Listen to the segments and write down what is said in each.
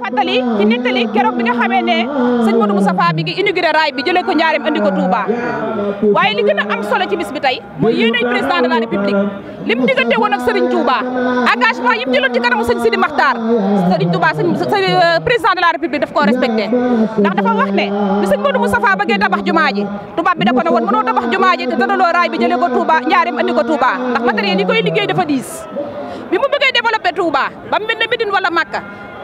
fàttali ci nettali keroog bi nga xamee ne sëñ Modou Moustapha bi jëlee ko Njaareem andi ko Touba waaye li gën a am solo ci bis bi tey mooy yéenay président de la république lim diggante woon ak Serigne Touba engagement yim jëloon ci kanamu sëñ Sidi Makhtar Serigne Touba sëñ euh, président de la république daf koo respecté ndax dafa wax ne bi sëñ Modou Moustapha bëggee tabax jumaa ji tubaab bi da ko ne woon mënoo tabax jumaa ji te daloo raay bi jëlee ko Touba dafa diis bi mu bëggee développé Touba ba mu mel ne Médine wala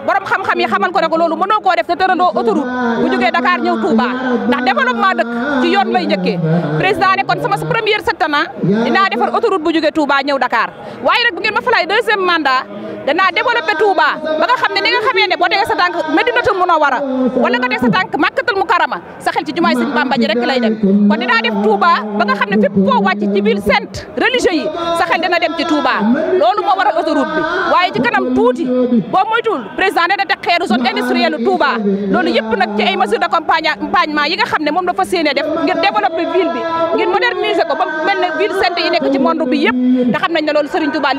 borom xam-xam yi xamal ko ne ko loolu mënoo koo def te tërandoo autoroute bu jógee Dakar ñëw Touba ndax développement dëkk ci yoon lay njëkkee président ne kon sama sa première septembre dinaa defar autoroute bu jógee Touba ñëw Dakar waaye nag bu ngeen ma falaay deuxième mandat danaa développé Touba ba nga xam ne ni nga xamee ne boo tegee sa tànk Medinatu Munawara wala nga teg sa tànk Makka Karama sa ci jumaay sëñ Bamba ji rek lay dem kon dinaa def Touba ba nga xam ne fépp foo wàcc ci biir centre religieux yi sa xel dina dem ci Touba loolu moo waral autoroute bi waaye ci kanam tuuti boo moytuwul président dana teg xeeru zone industrielle Touba loolu yëpp nag ci ay mesures d'accompagnement yi nga xam ne moom la fas yéene def ngir développer ville bi ngir moderniser ko ba mel ne ville centre yi nekk ci monde bi yëpp te xam nañ ne loolu Serigne Touba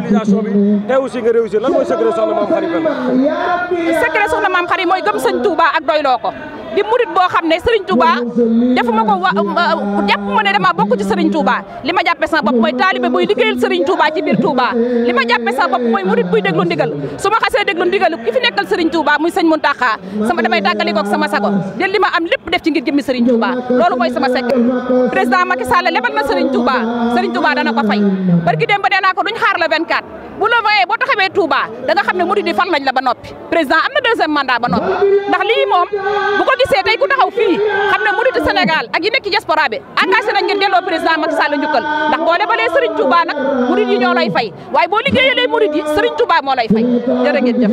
mobilisation bi te aussi nga réussir lan mooy secret soxna maam xarit benn secret soxna maam xarit mooy gëm sëñ Touba ak doyloo ko di murit boo xam ne Serigne Touba defuma ko wa jàpp ne dama bokk ci Serigne Touba li ma jàppee sama bopp mooy taalibe buy liggéeyal Serigne Touba ci biir Touba li ma jàppee sama bopp mooy murit buy déglu ndigal su ma xasee déglu ndigal ki nekkal Serigne Touba muy sëñ Mountakha sama damay tàggali ko ak sama sago jël ma am lépp def ci ngir jëmmi Serigne Touba loolu mooy sama sekk président Macky Sall lebal na Serigne Touba Serigne Touba dana ko bu la voyee boo taxawee Touba da nga xam ne murid yi fal lañ la ba noppi président am na deuxième mandat ba noppi ndax lii moom bu ko gisee tey ku taxaw fii xam ne murid Sénégal ak yi nekk ci diaspora bi engagé nañ ngir delloo président Macky Sall njukkal ndax boo lebalee Serigne Touba nag murid yi ñoo lay fay waaye boo liggéeyalee murid yi Serigne Touba moo lay fay jërë ngeen jëf